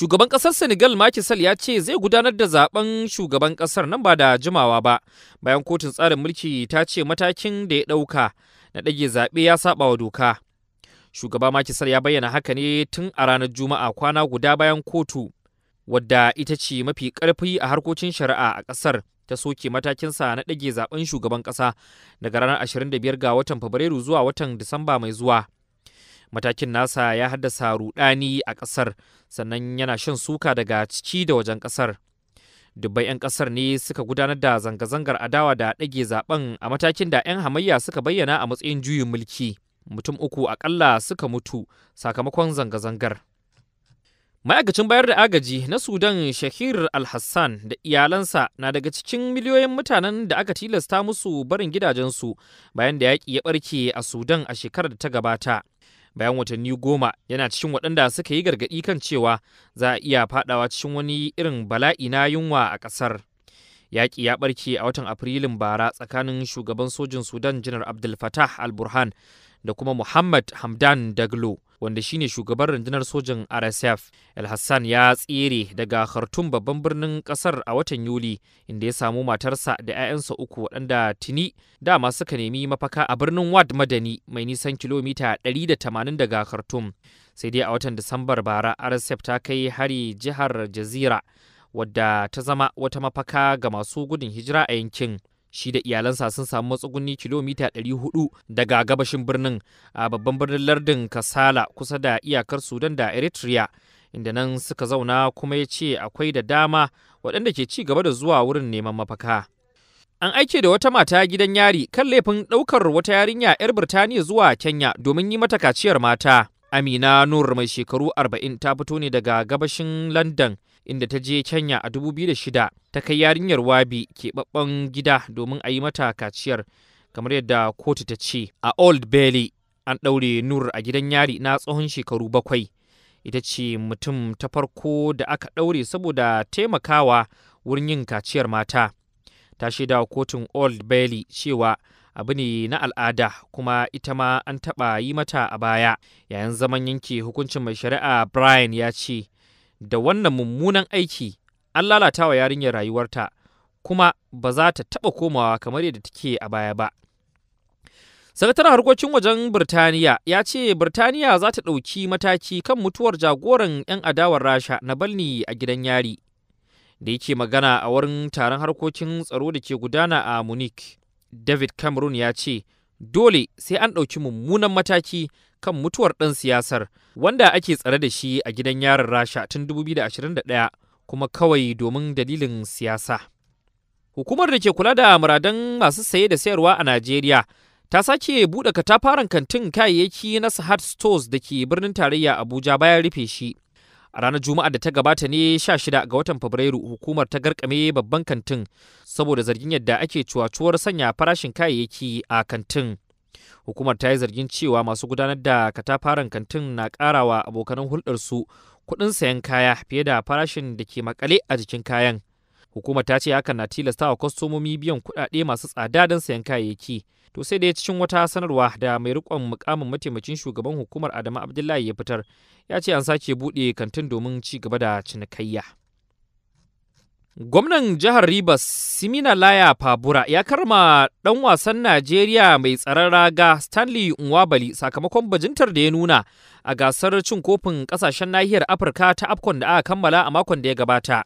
Shugaban ƙasar Senegal Macky Sall ya ce zai gudanar da zaben shugaban ƙasar nan ba da jimawa ba, bayan kotun tsarin mulki ta ce matakin da ya ɗauka na ɗage zaɓe ya saba wa doka. Shugaba Macky Sall ya bayyana haka ne tun a ranar Juma'a kwana guda bayan kotu, wadda ita ce mafi ƙarfi a harkokin shari'a a ƙasar ta soke matakinsa na ɗage zaben shugaban ƙasa daga ranar 25 ga watan Fabrairu zuwa watan Disamba mai zuwa. matakin nasa ya haddasa rudani a kasar sannan yana shan suka daga ciki da wajen kasar dubbai 'yan kasar ne suka gudanar da zanga-zangar adawa da ɗage zaben a matakin da 'yan hamayya suka bayyana a matsayin juyin mulki mutum uku akalla suka mutu sakamakon zanga-zangar ma'aikacin bayar da agaji na sudan shahir al-hassan da iyalansa na daga cikin miliyoyin mutanen da aka tilasta musu barin gidajensu bayan da yaƙi ya ɓarke a sudan a shekarar da ta gabata bayan watanni goma yana cikin waɗanda suka yi gargaɗi kan cewa za a iya faɗawa cikin wani irin bala'i na yunwa a ƙasar. yaƙi ya ɓarke a watan afrilun bara tsakanin shugaban sojin sudan janar abdul fatah al-burhan da kuma muhammad hamdan daglo wanda shine shugaban rundunar sojan rsf el hassan ya tsere daga khartoum babban birnin kasar a watan yuli inda ya samu matarsa da 'ya'yansa uku waɗanda tuni dama suka nemi mafaka a birnin wad madani mai nisan kilomita 180 daga khartoum sai dai a watan disambar bara rsf ta kai hari jihar jazira wadda ta zama wata mafaka ga masu gudun hijira a yankin shi da iyalansa sun samu matsuguni kilomita 400 daga gabashin birnin a babban birnin lardin kasala kusa da iyakar sudan da eritrea inda nan suka zauna kuma ya ce akwai da dama waɗanda ke ci gaba da zuwa wurin neman mafaka an aike da wata mata gidan yari kan laifin ɗaukar wata yarinya 'yar birtaniya zuwa kenya domin yi mata kaciyar mata amina nur mai shekaru 40 ta fito ne daga gabashin london inda ta je Kenya a 2006 ta kai yarinyar Wabi keɓaɓɓen gida domin a yi mata kaciyar kamar yadda kotu ta ce a Old Bailey an ɗaure Nur a gidan yari na tsohon shekaru bakwai ita ce mutum ta farko da aka ɗaure saboda taimakawa wurin yin kaciyar mata ta shaida kotun Old Bailey cewa abu ne na al'ada kuma ita ma an taɓa yi mata a baya yayin zaman yanke hukuncin mai shari'a Brian ya ce da wannan mummunan aiki an lalata wa yarinyar rayuwarta kuma ba za ta taɓa komawa kamar yadda take a baya ba. sakataren harkokin wajen birtaniya ya ce birtaniya za ta ɗauki mataki kan mutuwar jagoran 'yan adawar rasha na balni a gidan yari da yake magana a wurin taron harkokin tsaro da ke gudana a munich david cameron ya ce dole sai an ɗauki mummunan mataki kan mutuwar ɗan siyasar wanda ake tsare da shi a gidan yaron rasha tun 2021 kuma kawai domin dalilin siyasa hukumar da ke kula da muradan masu saye da sayarwa a najeriya ta sake buɗe katafaren kantin kayayyaki na sahad stores da ke birnin tarayya abuja bayan rufe shi a ranar juma'a da ta gabata ne 16 ga watan fabrairu hukumar ta garkame babban kantin saboda zargin yadda ake cuwacuwar sanya farashin kayayyaki a kantin Hukumar ta yi zargin cewa masu gudanar da katafaren kantin na wa abokanan hulɗarsu kuɗin sayan kaya fiye da farashin da ke makale a jikin kayan. Hukumar ta ce hakan na tilasta wa kwastomomi biyan kuɗaɗe masu tsada don sayan kayayyaki. To sai dai cikin wata sanarwa da mai riƙon mukamin mataimakin shugaban hukumar Adamu Abdullahi ya fitar ya ce an sake buɗe kantin domin ci gaba da cinikayya. Gwamnan jihar Rivers Simina Laya Fabura ya karma ɗan wasan Najeriya mai tsaron raga Stanley Nwabali sakamakon bajintar da ya nuna a gasar cin kofin ƙasashen nahiyar Afirka ta afkon da aka kammala a makon da ya gabata.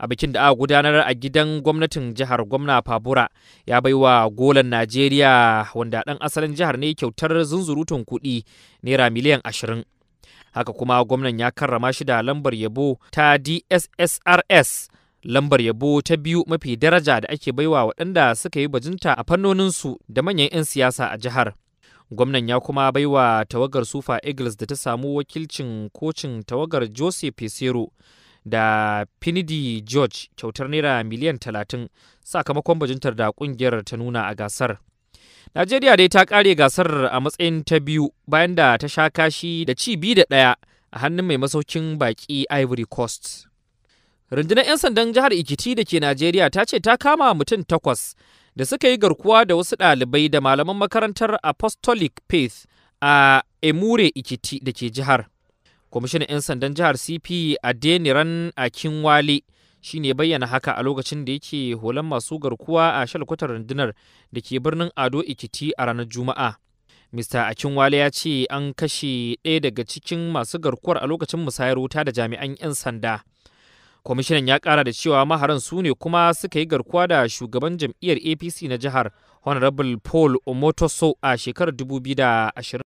A bikin da aka gudanar a gidan gwamnatin jihar gwamna Fabura ya baiwa golan Najeriya wanda ɗan asalin jihar ne kyautar zunzurutun kuɗi naira miliyan ashirin. Haka kuma gwamnan ya karrama shi da lambar yabo ta DSSRS lambar yabo ta biyu mafi daraja da ake baiwa waɗanda suka yi bajinta a fannoninsu da manyan 'yan siyasa a jihar. Gwamnan ya kuma baiwa tawagar Sufa Eagles da ta samu wakilcin kocin tawagar Jose Pesero da Finidi George kyautar naira miliyan talatin sakamakon bajintar da ƙungiyar ta nuna a gasar. Najeriya dai ta ƙare gasar a matsayin ta biyu bayan da ta sha kashi da ci bi da ɗaya a hannun mai masaukin baƙi Ivory Coast. rundunar 'yan sandan jihar ikiti da ke najeriya ta ce ta kama mutum takwas da suka yi garkuwa da wasu ɗalibai da malaman makarantar apostolic faith a emure ikiti da ke jihar kwamishinan 'yan sandan jihar cp adeniran akinwale shi ne bayyana haka a lokacin da yake holan masu garkuwa a shalkwatar rundunar da ke birnin ado ikiti a ranar juma'a Mr. Akinwale ya ce an kashe ɗaya daga cikin masu garkuwar a lokacin musayar wuta da jami'an 'yan sanda. kwamishinan ya kara da cewa maharan su ne kuma suka yi garkuwa da shugaban jam'iyyar apc na jihar honorable paul omotoso a shekarar 2020